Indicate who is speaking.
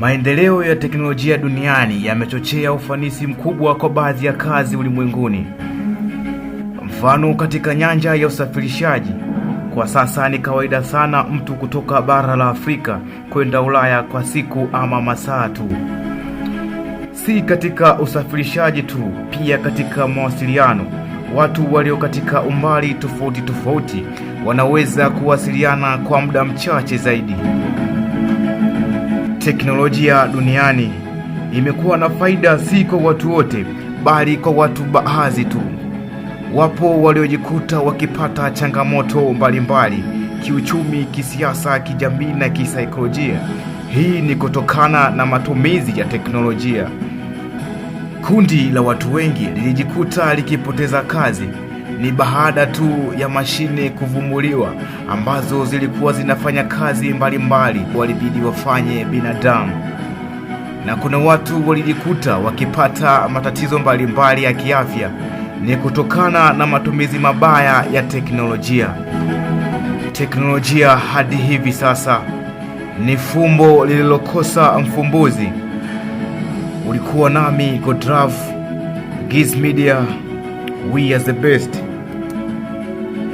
Speaker 1: Maendeleo ya teknolojia duniani yamechochea ufanisi mkubwa kwa baadhi ya kazi ulimwenguni. Mfano, katika nyanja ya usafirishaji, kwa sasa ni kawaida sana mtu kutoka bara la Afrika kwenda Ulaya kwa siku ama masaa tu. Si katika usafirishaji tu, pia katika mawasiliano, watu walio katika umbali tofauti tofauti wanaweza kuwasiliana kwa muda mchache zaidi teknolojia duniani imekuwa na faida si kwa watu wote, bali kwa watu baadhi tu. Wapo waliojikuta wakipata changamoto mbalimbali mbali, kiuchumi, kisiasa, kijamii na kisaikolojia. Hii ni kutokana na matumizi ya teknolojia. Kundi la watu wengi lilijikuta likipoteza kazi ni baada tu ya mashine kuvumbuliwa ambazo zilikuwa zinafanya kazi mbalimbali walibidi wafanye binadamu, na kuna watu walijikuta wakipata matatizo mbalimbali ya kiafya ni kutokana na matumizi mabaya ya teknolojia. Teknolojia hadi hivi sasa ni fumbo lililokosa mfumbuzi. Ulikuwa nami Godrav, Giz Media, we are the best.